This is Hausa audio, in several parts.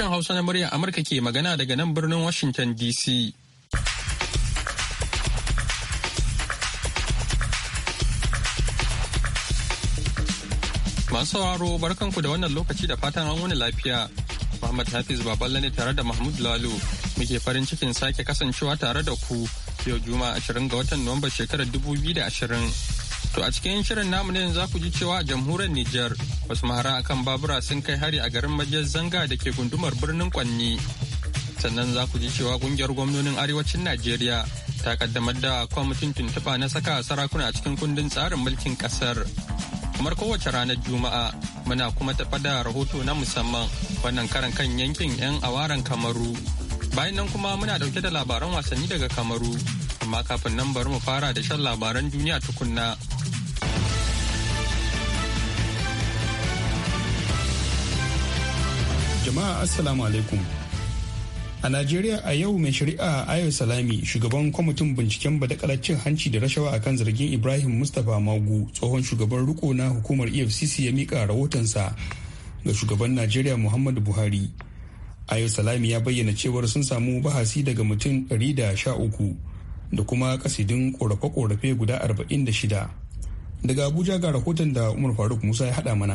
Sashen Hausa na murya Amurka ke magana daga nan birnin Washington DC. Masu sauraro barkanku da wannan lokaci da fatan an wani lafiya. Muhammad Hafiz Baballe ne tare da Mahmud Lalo muke farin cikin sake kasancewa tare da ku yau Juma'a 20 ga watan Nuwamba shekarar 2020. To a cikin shirin namu ne za ku ji cewa a jamhuriyar Nijar wasu mahara akan babura sun kai hari a garin Majiyar Zanga da ke gundumar birnin Kwanni. Sannan za ku ji cewa kungiyar gwamnonin arewacin Najeriya ta kaddamar da kwamitin tuntuɓa na saka sarakuna a cikin kundin tsarin mulkin ƙasar. Kamar kowace ranar Juma'a muna kuma tafa da rahoto na musamman wannan karan kan yankin 'yan awaran Kamaru. Bayan nan kuma muna ɗauke da labaran wasanni daga Kamaru. Amma kafin nan bari mu fara da shan labaran duniya tukunna. Jama'a Assalamu alaikum. A Najeriya a yau mai shari'a Ayo Salami shugaban kwamitin binciken badakalar cin hanci da rashawa akan zargin Ibrahim Mustapha Magu tsohon shugaban riko na hukumar EFCC ya mika rahotonsa ga shugaban Najeriya Muhammadu Buhari. Ayo Salami ya bayyana cewar sun samu bahasi daga mutum 113 da kuma kasidin korafe-korafe guda 46. Daga Abuja ga rahoton da Umar Faruk Musa ya haɗa mana.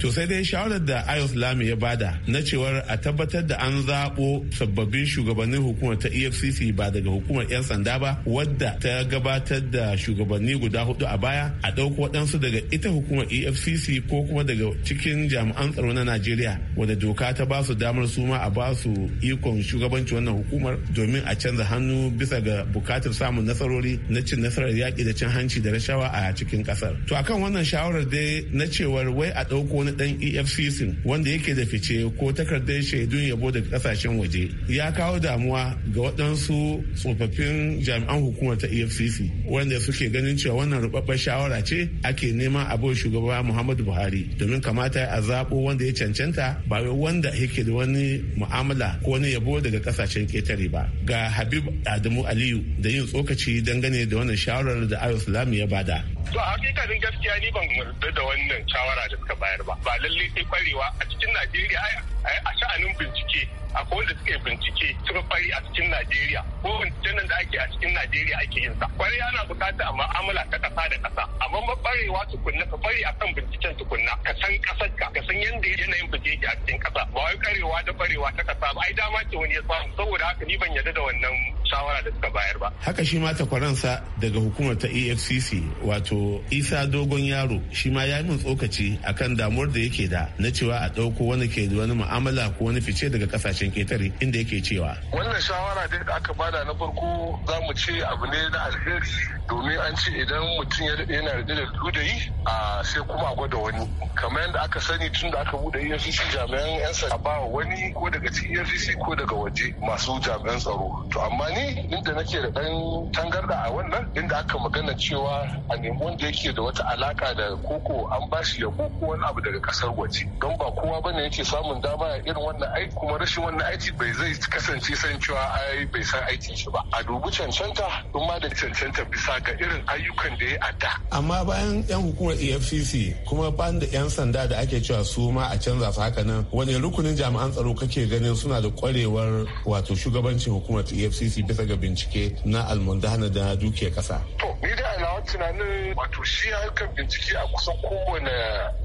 To sai dai shawarar da Ayos Lami ya bada na cewar a tabbatar da an zaɓo sababbin shugabannin hukumar ta EFCC ba daga hukumar 'yan sanda ba wadda ta gabatar da shugabanni guda hudu a baya a ɗauko waɗansu daga ita hukumar EFCC ko kuma daga cikin jami'an tsaro na Najeriya wadda doka ta ba su damar suma a ba su ikon shugabanci wannan hukumar domin a canza hannu bisa ga bukatar samun nasarori na cin nasarar yaƙi da cin hanci da rashawa a cikin ƙasar. To akan wannan shawarar dai na cewar wai a ɗauko wani dan efcc wanda yake da fice ko takardar shaidun yabo daga kasashen waje ya kawo damuwa ga waɗansu tsofaffin jami'an hukumar ta efcc wanda suke ganin cewa wannan rubabbar shawara ce ake neman abin shugaba muhammadu buhari domin kamata a zaɓo wanda ya cancanta ba wanda yake da wani mu'amala ko wani yabo daga kasashen ketare ba ga habib adamu aliyu da yin tsokaci dangane da wannan shawarar da ayo ya bada to hakikanin gaskiya ni ban da wannan shawara da suka bayar ba ba lallai sai kwarewa a cikin najeriya a sha'anin bincike akwai wanda suke bincike suka fari a cikin Najeriya ko wancan da ake a cikin Najeriya ake yin sa kwari ana bukata a ma'amala ta kasa da kasa amma mabarewa tukunna ka fari a kan binciken tukunna ka san kasar ka ka san yanda yanayin bincike a cikin kasa ba wai karewa da barewa ta kasa ba ai dama ce wani ya samu saboda haka ni ban yarda da wannan shawara da suka bayar ba haka shi ma takwaransa daga hukumar ta EFCC wato Isa Dogon Yaro shi ma ya min tsokaci akan damuwar da yake da na cewa a ɗauko wani ke wani mu'amala ko wani fice daga kasashe kasashen ketare inda yake cewa wannan shawara dai da aka bada na farko za mu ce abu ne na alheri domin an ce idan mutum ya daɗe yana da dudayi a sai kuma a gwada wani kamar yadda aka sani tun da aka buɗe efcc jami'an yan sa ba wani ko daga cikin efcc ko daga waje masu jami'an tsaro to amma ni inda nake da dan tangarda a wannan inda aka magana cewa a nemi wanda yake da wata alaka da koko an bashi yabo ko wani abu daga kasar waje don ba kowa bane yake samun dama irin wannan aiki kuma rashin wannan aiki bai zai kasance san cewa ai bai san aikin shi ba a dubi cancanta in ma da cancanta bisa ga irin ayyukan da ya a da amma bayan yan hukumar efcc kuma ban da yan sanda da ake cewa su ma a canza su haka nan wani rukunin jami'an tsaro kake ganin suna da kwarewar wato shugabancin hukumar efcc bisa ga bincike na almundana da dukiyar kasa to ni da nawa tunanin wato shi harkar bincike a kusan kowane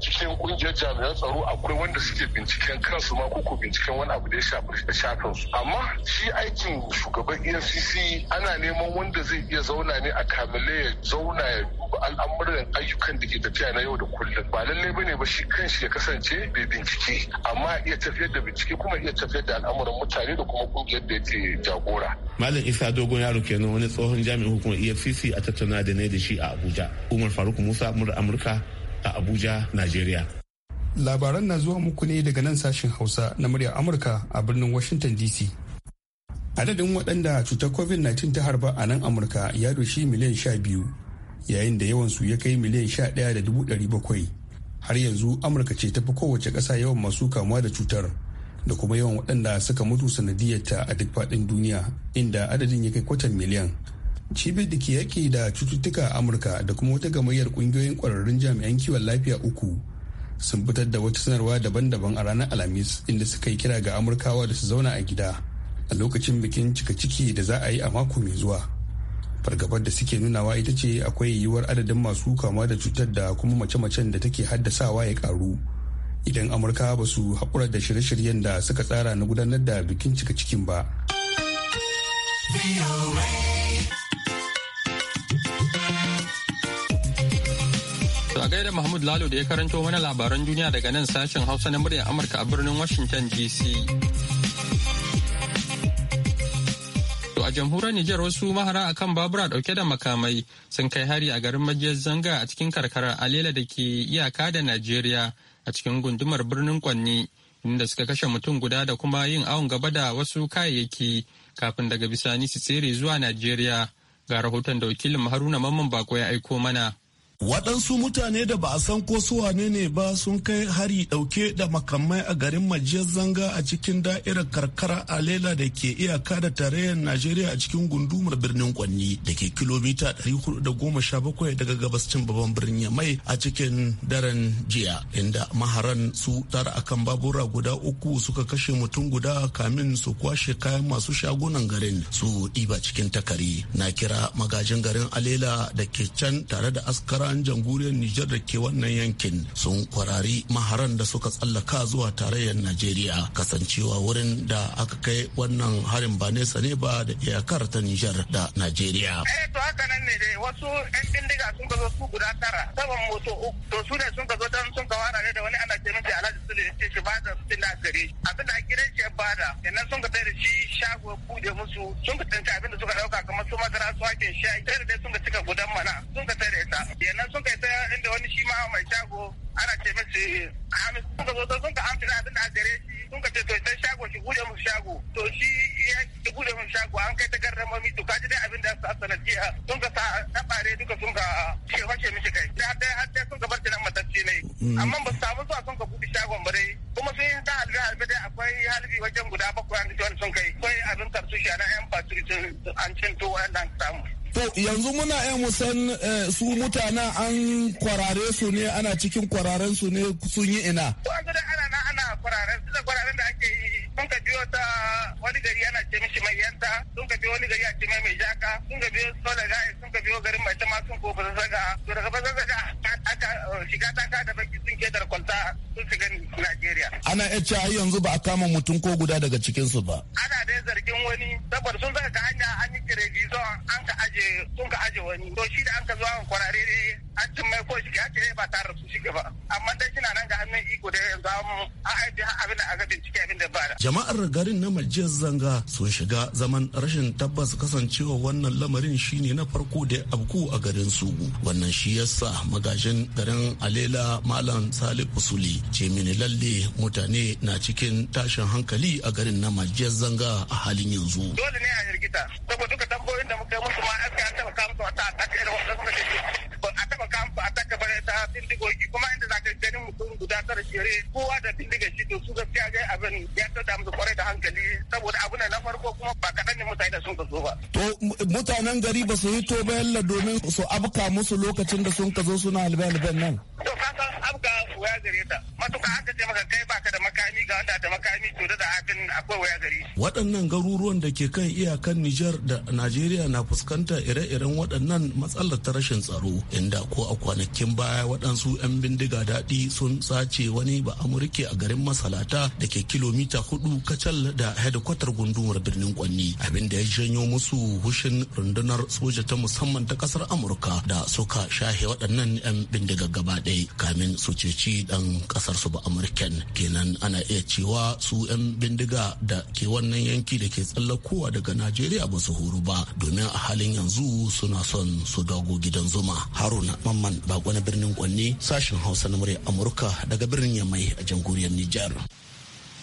cikin kungiyar jami'an tsaro akwai wanda suke binciken kansu ma ko binciken wani abu da ya shafi shafin su amma shi aikin shugaban efcc ana neman wanda zai iya zauna ne a kamile ya zauna ya duba al'amuran ayyukan da ke tafiya na yau da kullum ba lallai ba ne ba shi kanshi ya kasance bai bincike amma iya tafiyar da bincike kuma iya tafiyar da al'amuran mutane da kuma kungiyar da yake jagora malam isa dogon yaro kenan wani tsohon jami'in hukumar efcc a tattauna da ne da shi a Abuja. Umar Faruk Musa mura Amurka a Abuja, Najeriya. Labaran na zuwa muku ne daga nan sashen Hausa na muryar Amurka a birnin Washington DC. Adadin waɗanda cutar COVID-19 ta harba a nan Amurka ya doshi miliyan sha biyu yayin da yawansu ya kai miliyan sha ɗaya da dubu ɗari bakwai. Har yanzu Amurka ce tafi kowace ƙasa yawan masu kamuwa da cutar. da kuma yawan waɗanda suka mutu sanadiyarta a duk faɗin duniya inda adadin ya kai kwatan miliyan cibiyar da ke yaƙi da cututtuka a amurka da kuma wata gamayyar ƙungiyoyin ƙwararrun jami'an kiwon lafiya uku sun fitar da wata sanarwa daban-daban a ranar alhamis inda suka yi kira ga amurkawa da su zauna a gida a lokacin bikin cika ciki da za a yi a mako mai zuwa fargabar da suke nunawa ita ce akwai yiwuwar adadin masu kama da cutar da kuma mace-macen da take haddasawa ya karu idan amurka ba su haƙura da shirye-shiryen da suka tsara na gudanar da bikin cika cikin ba. To a gaida Mahmud Lalo da ya karanto mana labaran duniya daga nan sashen Hausa na muryar Amurka a birnin Washington DC. To a jamhuriyar Nijar wasu mahara akan babura dauke da makamai sun kai hari a garin majiyar zanga a cikin karkarar Alela da ke iyaka da Najeriya a cikin gundumar birnin Kwanni inda suka kashe mutum guda da kuma yin awon gaba da wasu kayayyaki kafin daga bisani su tsere zuwa Najeriya. Ga rahoton da wakilin Haruna Mamman Bako ya aiko mana. waɗansu mutane da ba a san ko su wane ne ba sun kai hari ɗauke da makamai a garin majiyar zanga a cikin da'irar karkara alela da ke iyaka da tarayyar najeriya a cikin gundumar birnin kwanni da ke kilomita 417 daga gabascin babban birnin mai a cikin daren jiya inda maharan su tara akan babura guda uku suka kashe mutum guda kamin su kwashe kayan masu shagunan garin su ɗiba cikin takari na kira magajin garin alela da ke can tare da askara maharan jamhuriyar Nijar da ke wannan yankin sun kwarari maharan da suka tsallaka zuwa tarayyar Najeriya kasancewa wurin da aka kai wannan harin ba nesa ne ba da iyakar ta Nijar da Najeriya. Eh, to haka nan ne dai wasu 'yan bindiga sun ka zo su guda tara saban moto uku to su ne sun ka zo don sun ka wara ne da wani ana ce miki Alhaji Sule ce shi ba da sun da gari abin da gidan shi ba da sannan sun ka da shi shago buɗe musu sun ka tantance abin da suka dauka kamar su madara su hakin shi tare da sun ka cika gudan mana sun ka da ta nan sun kai ta inda wani shi ma mai shago ana ce mace hamis sun ka zo sun ka amsa da abin da gare shi sun ka ce to sai shago shi bude mun shago to shi ya ki bude musu shago an kai ta garra mami to ji dai abin da su asana jiya sun ka sa tabare duka sun ka ce wace mishi kai da dai har dai sun ka bar nan matacce ne mm. amma ba su samu zuwa sun ka buɗe shagon ba dai kuma sun yi da halin dai akwai halin wajen guda bakwai constitution na yan patriotism an cinto wannan samu To yanzu muna yan musan eh, su mutanen an kwarare su ne ana cikin kwararen su ne sun yi ina. Wanzu da ana na ana kwararen su da kwararen da ake yi sun ka biyo ta wani gari ana ce mishi mai yanta sun ka biyo wani gari a ce mai mai jaka sun ka biyo sola gaya sun ka biyo garin mai tama sun ko ba zaga. To daga ba zaga aka shiga ta ka da baki sun ke dar kwalta sun Najeriya. Ana iya cewa yanzu ba a kama mutum ko guda daga cikin su ba. Ana da zargin wani saboda sun saka hanya an yi kireji an ka aje sun ka aje wani. To shi da an ka zo an kwarare ne an cin mai ko shi ake ba tare su shiga ba. Amma dai shi na nan ga hannun iko da yanzu an har abin da aka bincike abin da ba da. Jama'ar garin na majiyar zanga sun shiga zaman rashin tabbas kasancewa wannan lamarin shine na farko da abku a garin su. Wannan shi yasa magajin garin Alela Malam Salih Usuli ce mini lalle mutane na cikin tashin hankali a garin na majiyar zanga a halin yanzu. Dole ne a hirgita saboda duka tambayoyin da muka yi musu ma aska an taba kamusu a ta da irin wanda suka ce a taba kamusu a taka bare ta bindigogi kuma inda za ka ganin mutum guda tara shere kowa da bindiga shi to su gaskiya ga abin ya ta musu kwarai da hankali saboda abu na farko kuma ba kaɗan ne mutane sun ka zo ba. To mutanen gari ba su to ba yalla domin su abka musu lokacin da sun ka zo suna halbe nan. To abka matuka aka ce maka kai baka da makami ga wanda da makami to da hakan akwai waya gari waɗannan garuruwan da ke kan iyakan Nijar da Najeriya na fuskanta ire-iren waɗannan matsalar ta rashin tsaro inda ko a kwanakin baya waɗansu 'yan bindiga daɗi sun sace wani ba amurke a garin masalata da ke kilomita hudu kacal da hedikwatar gundumar birnin kwanni abin da ya janyo musu hushin rundunar soja ta musamman ta kasar amurka da suka shahe waɗannan 'yan bindiga gaba ɗaya kamin su ceci ɗan ƙasar kasar ba amurken kenan ana iya cewa su 'yan bindiga da ke wannan yanki da ke tsallakowa daga najeriya ba su horu ba domin a halin yanzu suna son su dago gidan zuma haruna mamman bako na birnin kwanne sashen hausa na murya amurka daga birnin yamai a jamhuriyar nijar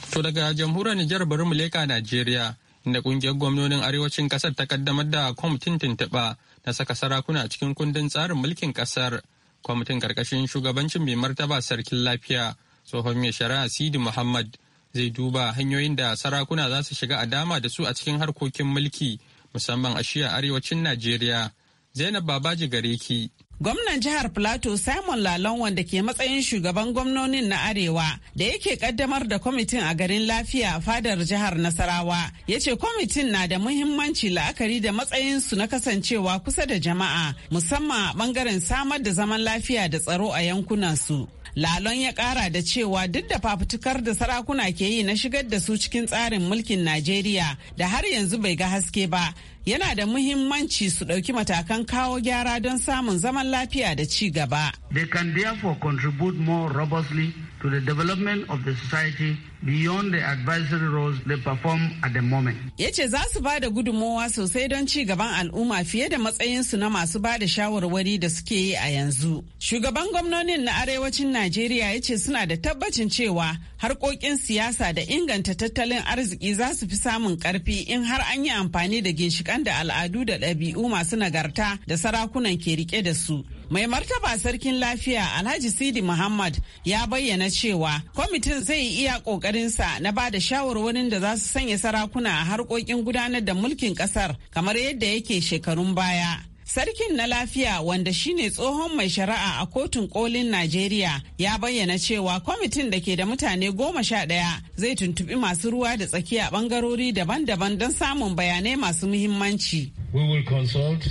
to daga jamhuriyar nijar bari mu leka najeriya inda kungiyar gwamnonin arewacin kasar ta kaddamar da kwamitin tuntuɓa na saka sarakuna cikin kundin tsarin mulkin kasar kwamitin karkashin shugabancin mai martaba sarkin lafiya tsohon mai shari'a sidi muhammad zai duba hanyoyin da sarakuna za su shiga a dama da su a cikin harkokin mulki musamman a shiya arewacin najeriya zainab babaji Gareki. gwamnan jihar plateau simon lalon wanda ke matsayin shugaban gwamnonin na arewa da yake kaddamar da kwamitin a garin lafiya fadar jihar nasarawa ya ce kwamitin na da muhimmanci la'akari da matsayin su na kasancewa kusa da jama'a musamman a bangaren samar da zaman lafiya da tsaro a yankunansu lalon ya kara da cewa duk da fafutukar da sarakuna ke yi na shigar da su cikin tsarin mulkin najeriya da har yanzu bai ga haske ba yana da muhimmanci su ɗauki matakan kawo gyara don samun zaman lafiya da ci gaba. They can therefore contribute more robustly to the development of the society beyond the advisory roles they perform at the moment. Ya ce za su ba da gudunmowa sosai don ci gaban al'umma fiye da matsayinsu na masu ba da shawarwari da suke yi a yanzu. Shugaban gwamnonin na arewacin Najeriya ya ce suna da tabbacin cewa harkokin siyasa da inganta tattalin arziki za su fi samun karfi in har an yi amfani da ginshiƙa ginshikan da al'adu da ɗabi'u masu nagarta da sarakunan ke rike da su. Mai martaba sarkin lafiya Alhaji Sidi Muhammad ya bayyana cewa kwamitin zai iya ƙoƙarinsa na ba da shawarwarin da za su sanya sarakuna a harkokin gudanar da mulkin ƙasar kamar yadda yake shekarun baya. Sarkin na lafiya wanda shine tsohon mai shari'a a kotun kolin Najeriya ya bayyana cewa kwamitin da ke da mutane goma sha ɗaya zai tuntuɓi masu ruwa da tsakiya ɓangarori daban-daban don samun bayanai masu muhimmanci. We will consult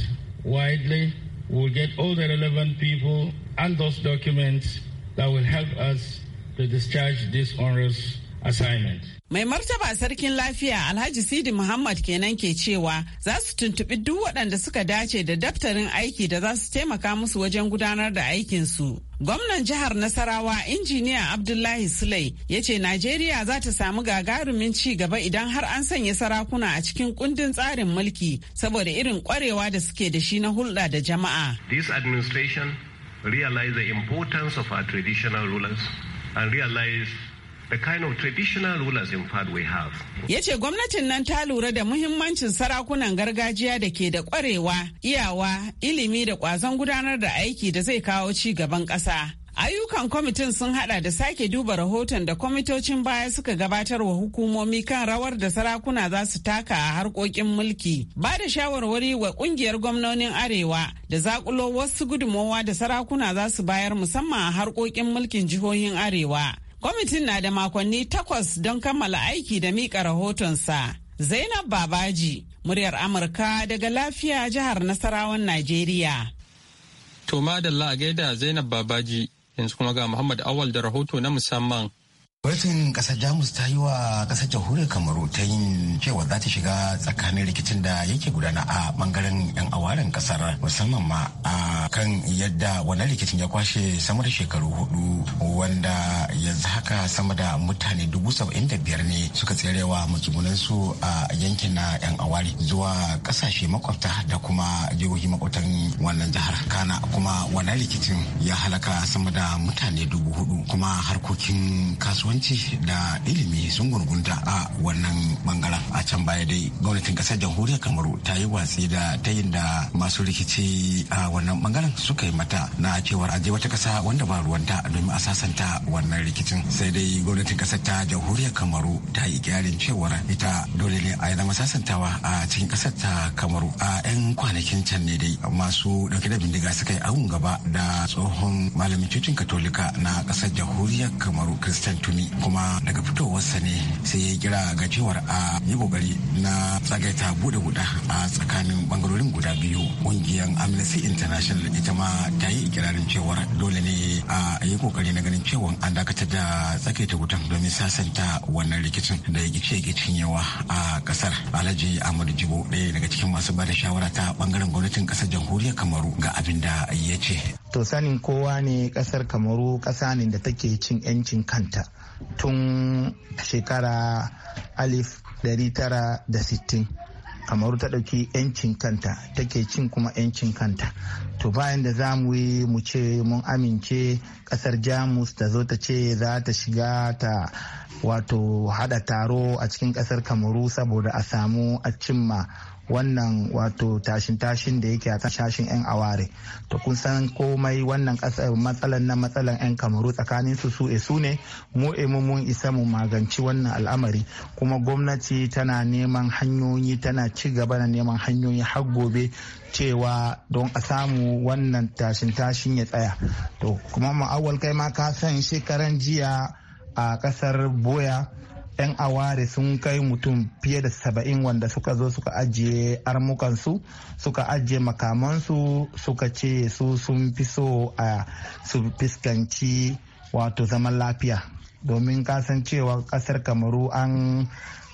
widely, we get all the relevant people and those documents that will help us to discharge this onerous assignment. Mai martaba sarkin lafiya Alhaji Sidi Muhammad kenan ke cewa za su tuntuɓi duk waɗanda suka dace da daftarin aiki da za su taimaka musu wajen gudanar da aikinsu. Gwamnan jihar Nasarawa injiniya Abdullahi Sulai ya ce Najeriya za ta samu gagarumin ci gaba idan har an sanya sarakuna a cikin kundin tsarin mulki saboda irin kwarewa da suke da shi na hulɗa da jama'a. This administration realize the importance of our traditional rulers and realize the Ya ce gwamnatin nan ta lura da muhimmancin sarakunan gargajiya da ke da kwarewa, iyawa, ilimi da kwazon gudanar da aiki da zai kawo ci gaban ƙasa. Ayyukan kwamitin sun hada da sake duba rahoton da kwamitocin baya suka gabatar wa hukumomi kan rawar da sarakuna za su taka a harkokin mulki, ba da shawarwari wa kungiyar gwamnonin Arewa da zakulo wasu gudunmowa da sarakuna za su bayar musamman a harkokin mulkin jihohin Arewa. Kwamitin na da makonni takwas don kammala aiki da miƙa rahotonsa. Zainab Babaji, muryar Amurka daga lafiya jihar Nasarawan Najeriya. To madalla a gaida Zainab Babaji, yanzu kuma ga Muhammad Awal da rahoto na musamman. Gwamnatin kasar Jamus ta yi wa kasar jamhuriyar Kamaru ta yin cewa za ta shiga tsakanin rikicin da yake gudana a bangaren 'yan awarin ƙasar? musamman ma a kan yadda wannan rikicin ya kwashe sama da shekaru hudu wanda yanzu haka sama da mutane dubu saba'in da biyar ne suka tserewa su a yankin na 'yan awari zuwa kasashe makwabta da kuma jihohi makwabtan wannan jihar Kana kuma wannan rikicin ya halaka sama da mutane dubu hudu kuma harkokin kasuwa kasuwanci da ilimi sun gurgunta a wannan bangaren a can baya dai gwamnatin kasar jamhuriyar kamaru ta yi watsi da ta yin da masu rikici a wannan bangaren suka yi mata na cewar aje wata kasa wanda ba ruwanta domin a sasanta wannan rikicin sai dai gwamnatin kasar ta jamhuriyar kamaru ta yi kyarin cewar ita dole ne a zama sasantawa a cikin kasar ta kamaru a 'yan kwanakin can ne dai masu dauke da bindiga suka yi awun gaba da tsohon malamin cocin katolika na kasar jamhuriyar kamaru kristan tuni kuma daga fitowarsa ne sai ya kira ga cewar a yi kokari na tsagaita bude guda a tsakanin bangarorin guda biyu kungiyar amnesty international ita ma ta yi ikirarin cewar dole ne a yi kokari na ganin cewa an dakatar da tsagaita wutan domin sasanta wannan rikicin da ya gice gicin yawa a kasar alhaji ahmadu jibo ɗaya daga cikin masu bada shawara ta bangaren gwamnatin kasar jamhuriyar kamaru ga abin da ya ce to sanin kowa ne kasar kamaru kasa ne da take cin 'yancin kanta tun shekara alif tara da sittin kamaru ta ɗauki 'yancin kanta take cin kuma 'yancin kanta to bayan da za mu yi mu ce mun amince ƙasar jamus ta zo ta ce za ta shiga ta wato hada taro a cikin ƙasar kamaru saboda a samu a cimma wannan wato tashin tashin da yake a shashin yan aware to kun san komai wannan kasar matsalan na matsalan yan kamaru tsakanin su su e su ne mu e mu mun isa mu maganci wannan al'amari kuma gwamnati tana neman hanyoyi tana ci gaba da neman hanyoyi har gobe cewa don a samu wannan tashin tashin ya tsaya to kuma ma'awal kai ma ka san shekaran jiya a kasar boya 'yan aware sun kai mutum fiye da saba'in wanda suka zo suka ajiye armukansu suka ajiye makamansu suka ce su sun fi so a su fiskanci wato zaman lafiya domin kasan cewa kasar kamaru an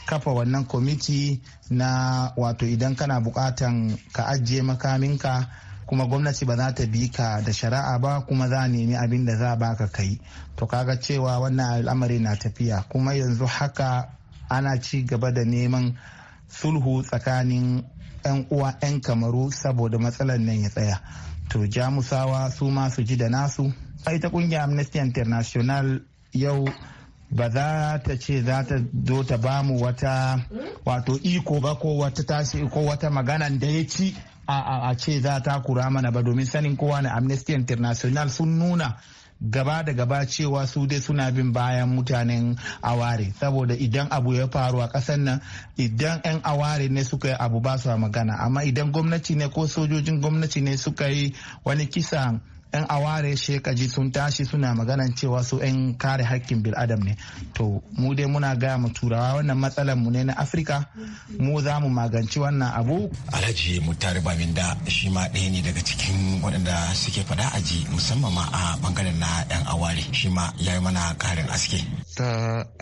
kafa wannan kwamiti na wato idan kana bukatan ka ajiye makaminka kuma gwamnati ba za ta bi ka da shari'a ba kuma za a nemi abin da za baka kai to kaga cewa wannan al'amari na tafiya kuma yanzu haka ana ci gaba da neman sulhu tsakanin 'yan uwa 'yan kamaru saboda matsalar nan ya tsaya to jamusawa su ma su ji da nasu ta kungiyar amnesty international yau ba za ta ce za ta zo ta bamu wata wato iko ba ko wata tashi ko wata magana da ya ci a ce za ta kura mana ba domin sanin kowa na amnesty international sun nuna gaba da gaba cewa su dai suna bin bayan mutanen aware saboda idan abu ya faru a kasan nan idan 'yan aware ne suka yi abu ba su magana amma idan gwamnati ne ko sojojin gwamnati ne suka yi wani kisan 'yan aware shekaji sun tashi suna maganan cewa su 'yan kare hakkin bil'adam ne to mu dai muna gaya mu turawa wannan matsalar mu ne na afirka mu za mu magance wannan abu alhaji mutare baminda shi ma ɗaya ne daga cikin waɗanda suke faɗa ji musamman ma a bangaren na 'yan aware shi ma ya yi mana karin aske ta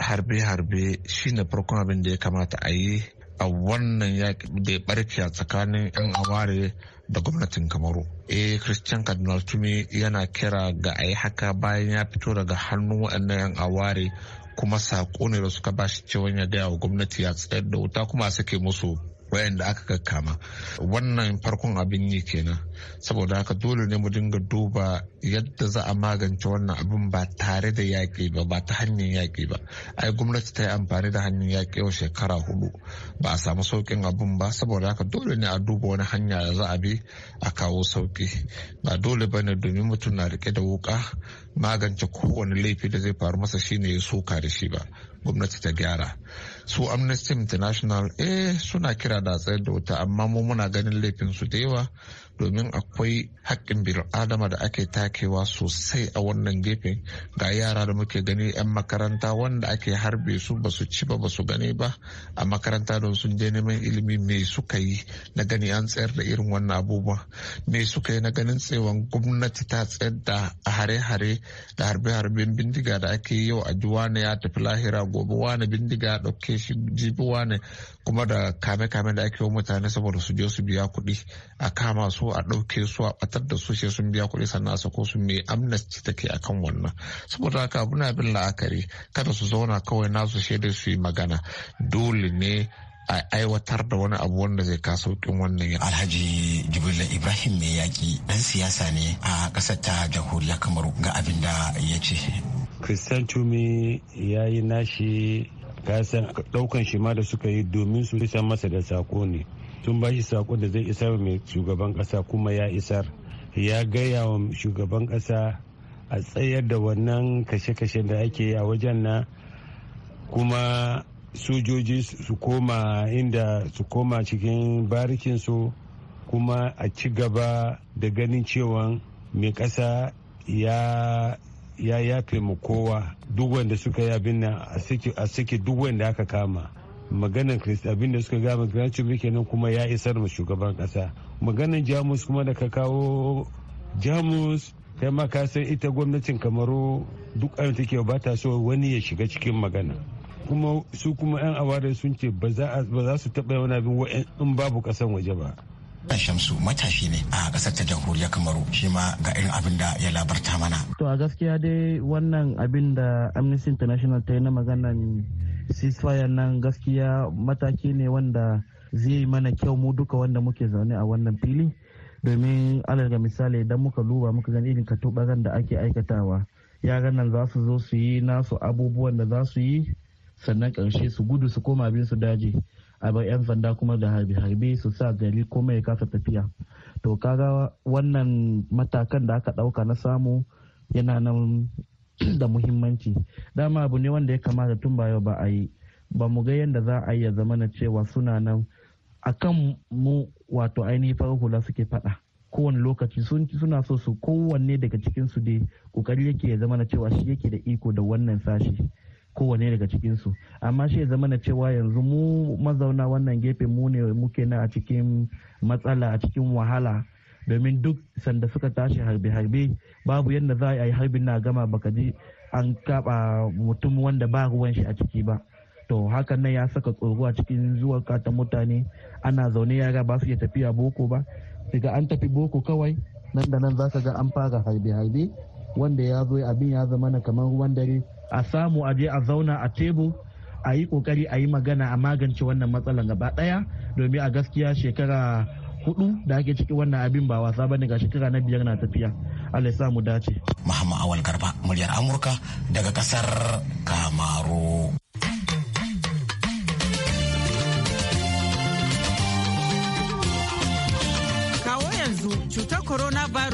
harbe-harbe shi ne farkon abin da ya kamata a yi a wannan yaƙi da ya barke a tsakanin 'yan aware da gwamnatin kamaru eh christian cardinal tumi yana kira ga a yi haka bayan ya fito daga hannun waɗannan 'yan aware kuma saƙo ne da suka bashi cewa ya gaya wa gwamnati ya tsayar da wuta kuma a sake musu wayanda aka kakkama wannan farkon abin yi kenan saboda haka dole ne mu dinga duba yadda za a magance wannan abin ba tare da yaƙi ba ba ta hanyar yaƙi ba ai gwamnati ta yi amfani da hanyar yaƙi yau shekara hudu ba a samu sauƙin abin ba saboda haka dole ne a duba wani hanya da za a bi a kawo sauƙi ba dole ba ne domin mutum na rike da wuƙa magance kowane laifi da zai faru masa shine ya soka da shi ba gwamnati ta gyara su amnesty international eh suna kira da tsayar da wuta amma mu muna ganin laifin su da yawa domin akwai haƙƙin bil'adama da ake takewa sosai a wannan gefe ga yara da muke gani 'yan makaranta wanda ake harbe su ba su ci ba ba su gani ba a makaranta don sun je neman ilimi me suka yi na gani an tsayar da irin wannan abubuwa me suka yi na ganin tsewan gwamnati ta tsayar da hare-hare da harbe-harben bindiga da ake yi yau a ji wane ya tafi lahira gobe wane bindiga ya ɗauke shi jibi wane kuma da kame-kame da ake yi mutane saboda su je su biya kuɗi a kama su so a ɗauke su a batar da su sai sun biya kuɗi sannan a sako su mai amnesty take akan wannan saboda haka abu bin la'akari kada su zauna kawai nasu shaidar su yi magana dole ne a aiwatar da wani abu wanda zai ka saukin wannan alhaji jibrila ibrahim mai yaƙi ɗan siyasa ne a ƙasar ta jamhuriyar kamaru ga abin da ya ce christian tumi ya yi nashi san ɗaukan shi ma da suka yi domin su san masa da sako ne tun ba shi sakon da zai isar mai shugaban kasa kuma ya isar ya gaya wa shugaban kasa a tsayar da wannan kashe-kashe da ake yi a wajen na kuma sojoji su koma inda su koma cikin barikinsu kuma a ci gaba da ganin cewa mai kasa ya ya yafe mu kowa duk wanda suka yi abin nan a suke duk wanda aka kama maganar maganan abin da suka gama grantube kenan kuma ya isar ma shugaban kasa maganar jamus kuma da ka kawo jamus kai ma ka san ita gwamnatin kamaru duk an take ba ta so wani ya shiga cikin magana kuma su kuma yan awara sun ce ba za su taɓa wani abin in babu kasan waje ba Dan Shamsu matashi ne a kasar ta jamhuriyar Kamaru shi ma ga irin abin da ya labarta mana. To a gaskiya dai wannan abin da Amnesty International ta yi na maganan ceasefire nan gaskiya mataki ne wanda zai mana kyau mu duka wanda muke zaune a wannan fili domin alal ga misali idan muka duba muka gani irin katubaran da ake aikatawa yaran nan za su zo su yi nasu abubuwan da za su yi sannan karshe su gudu su koma abin su daji a bar 'yan sanda kuma da harbe-harbe su sa gari kuma ya kasa tafiya to kaga wannan matakan da aka dauka na samu yana nan da muhimmanci dama abu ne wanda ya kamata tun ba yau ba a yi ba mu ga yadda za a yi zama na cewa suna nan a kan mu wato ainihin farar hula suke faɗa kowane lokaci suna so su kowanne daga cikinsu dai kokari yake ya zama na cewa shi yake da iko da wannan sashi kowanne daga cikinsu amma shi ya zama na cewa yanzu mu mazauna wannan gefe mu ne muke na a cikin matsala a cikin wahala domin duk sanda suka tashi harbe-harbe babu yadda za a yi harbin na gama baka ji an kaba mutum wanda ba ruwan shi a ciki ba to hakan nan ya saka tsoro a cikin zuwar ta mutane ana zaune yara ba su iya tafiya boko ba daga an tafi boko kawai nan da nan za ka ga an fara harbe-harbe wanda ya zo abin ya zama na kamar ruwan dare a samu a je a zauna a tebur a yi kokari a yi magana a magance wannan matsalan gaba daya domin a gaskiya shekara hudu da ake ciki wannan abin ba wasa bane ga shekara na biyar na tafiya Allah ya mu dace Muhammad Awal Garba muryar Amurka daga kasar Kamaru kawo yanzu cutar coronavirus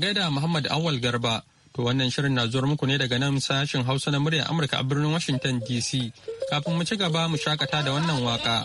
gaida Muhammad Awal Garba. To wannan shirin na zuwa muku ne daga nan sashen Hausa na muryar Amurka a birnin Washington DC. Kafin mu ci gaba mu shakata da wannan waka.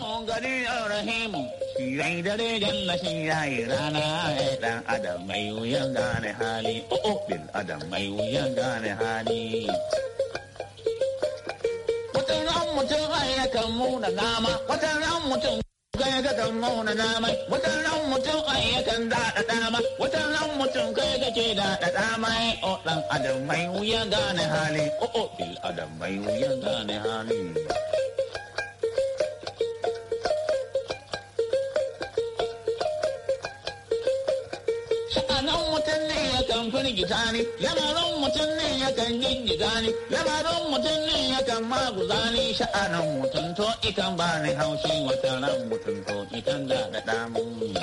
Wata ran mutum ai yakan muna nama, wata ran mutum Kai ga kan nuna nama watan ran mutum ai yakan daɗa dama, watan ran mutum kai kake daɗa dama, o ɗan adam mai wuya gane hali, o bil adam mai wuya gane hali. a mutum ne ya kan firgita ne lamarin mutum ne ya kan gingita ne lamarin mutum ne ya kan maguza ne sha'anin mutum to ikan ba ni haushi wata ran mutum to ikan da da damun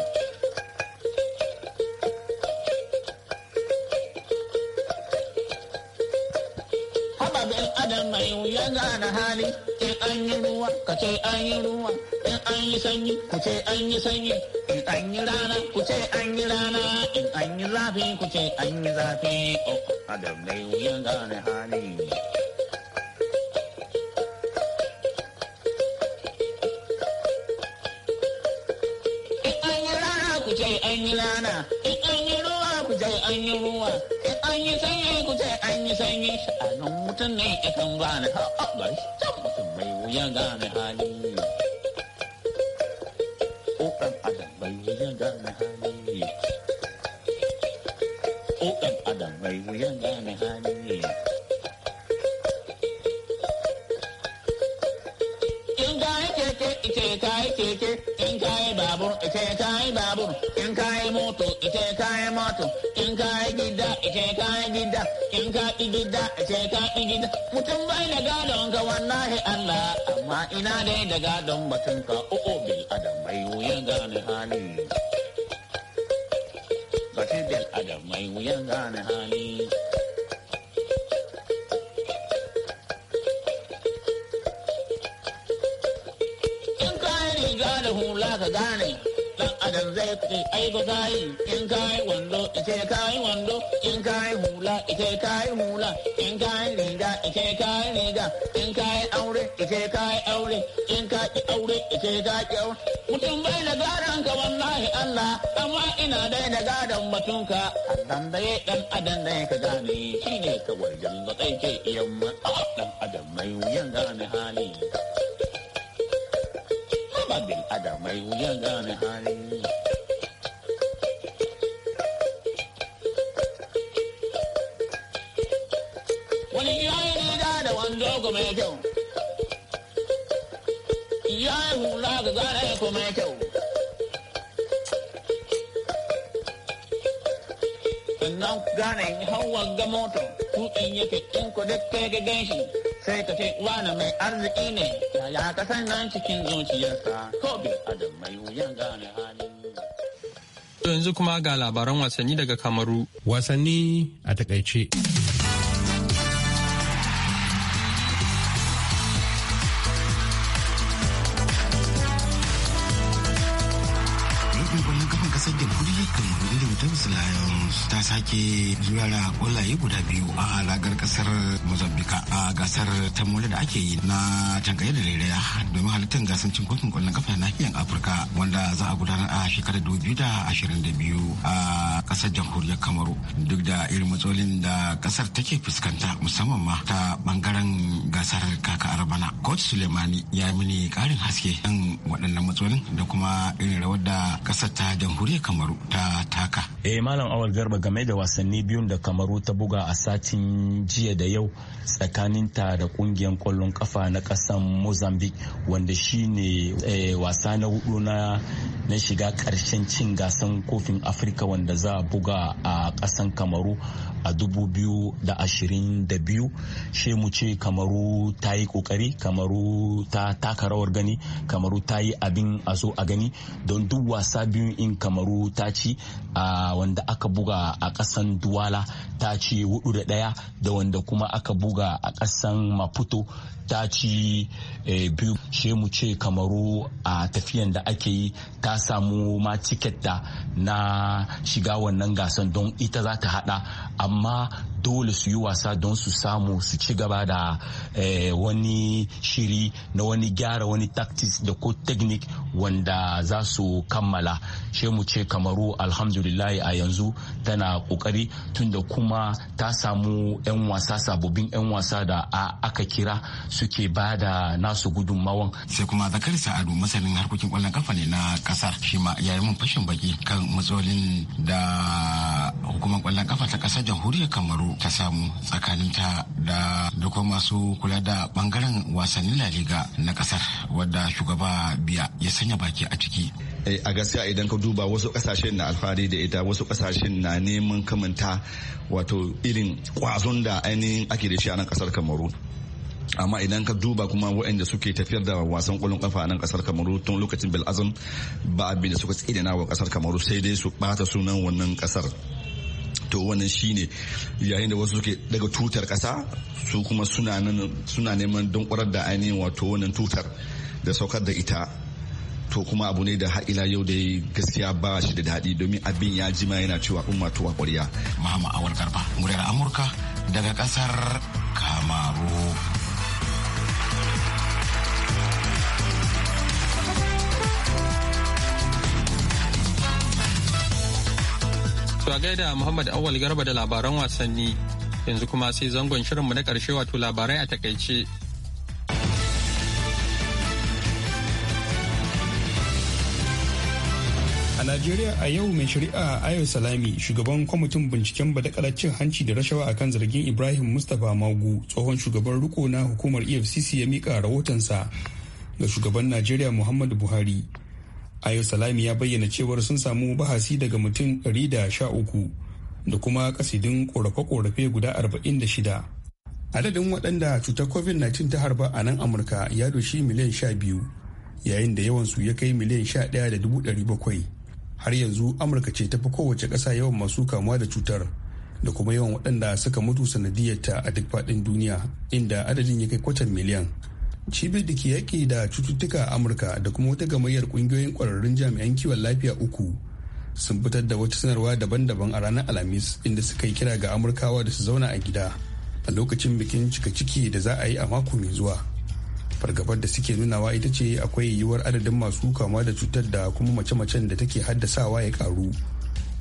adam mai wuya gane hali in an yi ruwa ka ce an yi ruwa in an yi sanyi ka ce an yi sanyi in an yi rana ku ce an yi rana in an yi zafi ku ce an yi zafi oh adam ne wuyan gane hali in an yi rana ku ce rana in ruwa ku ce an yi ruwa in an yi sanyi ku ce an yi sanyi sha'anin mutum ne ya kan gane ha ba shi can mutum mai wuyan gane hali wuyan gane hali ko ɗan adam mai wuyan gane hali ice kayi keke in kayi babur ice kayi babur in kayi moto ice kayi moto in kayi gida ice kayi gida in kayi gida ice kayi gida mutum bai da gadon ka wallahi Allah amma ina dai da gadon batun ka o'o bil adam mai wuyan gane hali batun bil adam mai wuyan gane hali ce ai yi in ka yi wando ite ka yi wando in ka yi hula ite ka yi hula in ka yi riga ite ka yi riga in ka yi aure ite ka yi aure in ka ki aure ite ka aure. Mutum bai da garan ka wallahi Allah amma ina dai da gadon batunka. Dan da dan adam da ka gane shine ne kawai yanzu kai ke iya dan adam mai wuyan gane hali. Babin adam mai wuyan gane hali. muku mai kyau. Ya yi hula ga gara ya kuma kyau. Sannan gane hawa ga moto, yake in ku duk kai ga ganshi. Sai ka ce na mai arziki ne, ya ka san nan cikin zuciyarsa, ko bi adam mai wuyan gane hali. yanzu kuma ga labaran wasanni daga kamaru wasanni a takaice. Jamus ta sake da kwallaye guda biyu a ragar kasar Mozambika a gasar ta da ake yi na tangaye da rairaya domin halittar gasar cin kofin kwallon kafa na nahiyar Afirka wanda za a gudanar a shekarar 2022 a kasar jamhuriyar Kamaru duk da irin matsalolin da kasar take fuskanta musamman ma ta bangaren gasar kaka bana. Coach sulemani ya mini karin haske kan waɗannan matsalolin da kuma irin rawar da kasar ta jamhuriyar Kamaru ta taka. Eh Malam Awal garba game da wasanni biyun da kamaru ta buga a satin jiya da yau tsakaninta da kungiyar kwallon kafa na kasan mozambique wanda shine eh, wasa na hudu na na shiga karshen cin gasan kofin afirka wanda za a buga a kasan kamaru a 2022 shi mu ce kamaru ta yi ƙoƙari kamaru ta taka rawar gani kamaru ta yi abin a zo a gani don duk wasa biyu in kamaru ta ci wanda aka buga a kasan duwala ta ci hudu da ɗaya da wanda kuma aka buga a kasan maputo ta ci eh, biyu she mu ce kamaru a tafiyan da ake yi ta samu ma tiket na shiga wannan gasan don ita za ta hada amma dole su yi wasa don su samu su ci gaba da eh, wani shiri na wani gyara wani tactics da ko technique wanda za su kammala she mu ce kamaru alhamdulillah a yanzu tana kokari tunda kuma ta samu 'yan wasa sababbin 'yan wasa da aka kira suke ba da nasu gudunmawan sai kuma zakari sa'adu masanin harkokin kwallon kafa ne na kasar shi ma yayi mun fashin baki kan matsalolin da hukumar kwallon kafa ta kasar jamhuriyar kamaru ta samu tsakaninta da da masu kula da bangaren wasannin La Liga na kasar wadda shugaba biya ya sanya baki a ciki. Eh, a gaskiya idan ka duba wasu kasashen na alfahari da ita wasu kasashen na neman kamanta wato irin kwazon da ainihin ake da shi a nan kasar kamaru amma idan ka duba kuma waɗanda suke tafiyar da wasan ƙwallon ƙafa a nan kasar kamaru tun lokacin bel'azam ba abin da suka tsidana wa kasar kamaru sai dai su bata sunan wannan kasar. to wannan shine yayin da wasu suke daga tutar kasa su kuma suna neman don da ainihin wato wannan tutar da saukar da ita to kuma abu ne da haila yau da gaskiya ba shi da daɗi domin abin ya jima yana cewa umma tuwa ƙwarya. Mama Awal Garba, muryar Amurka daga ƙasar Kamaru. Suwa gaida Muhammad Awal Garba da labaran wasanni yanzu kuma sai zangon shirinmu na ƙarshe wato labarai a takaice. A Najeriya a yau mai shari'a Ayo Salami shugaban kwamitin binciken badakalar cin hanci da rashawa akan zargin Ibrahim Mustapha Magu tsohon shugaban riko na hukumar EFCC ya mika rahotonsa ga shugaban Najeriya Muhammadu Buhari. ayo salami ya bayyana cewar sun samu bahasi daga mutum 113 da kuma kasidin korafe-korafe guda 46 adadin waɗanda cutar covid-19 ta harba a nan amurka ya doshi miliyan 12 yayin da yawansu ya kai miliyan 11,700 har yanzu amurka ce tafi kowace ƙasa yawan masu kamuwa da cutar da kuma yawan waɗanda suka mutu sanadiyarta a duk faɗin duniya inda adadin ya kai kwatan miliyan cibiyar da ke yaƙi da cututtuka a amurka da kuma wata gamayyar ƙungiyoyin ƙwararrun jami'an kiwon lafiya uku sun fitar da wata sanarwa daban-daban a ranar alhamis inda suka yi kira ga amurkawa da su zauna a gida a lokacin bikin cika ciki da za a yi a mako mai zuwa fargabar da suke nunawa ita ce akwai yiwuwar adadin masu kama da cutar da kuma mace-macen da take haddasawa ya karu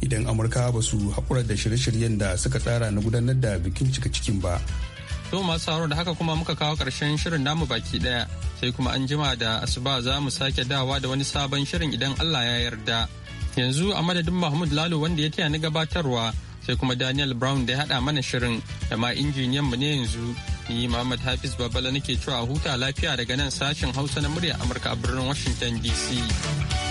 idan amurkawa ba su haƙura da shirye-shiryen da suka tsara na gudanar da bikin cika cikin ba To masu sauraro da haka kuma muka kawo ƙarshen shirin namu baki ɗaya sai kuma an jima da asuba za mu sake dawa da wani sabon shirin idan Allah ya yarda. Yanzu a madadin Mahmud Lalo wanda ya taya ni gabatarwa sai kuma Daniel Brown da ya haɗa mana shirin da ma injiniyan mu ne yanzu ni Muhammad Hafiz Babala nake cewa huta lafiya daga nan sashen Hausa na murya Amurka a birnin Washington DC.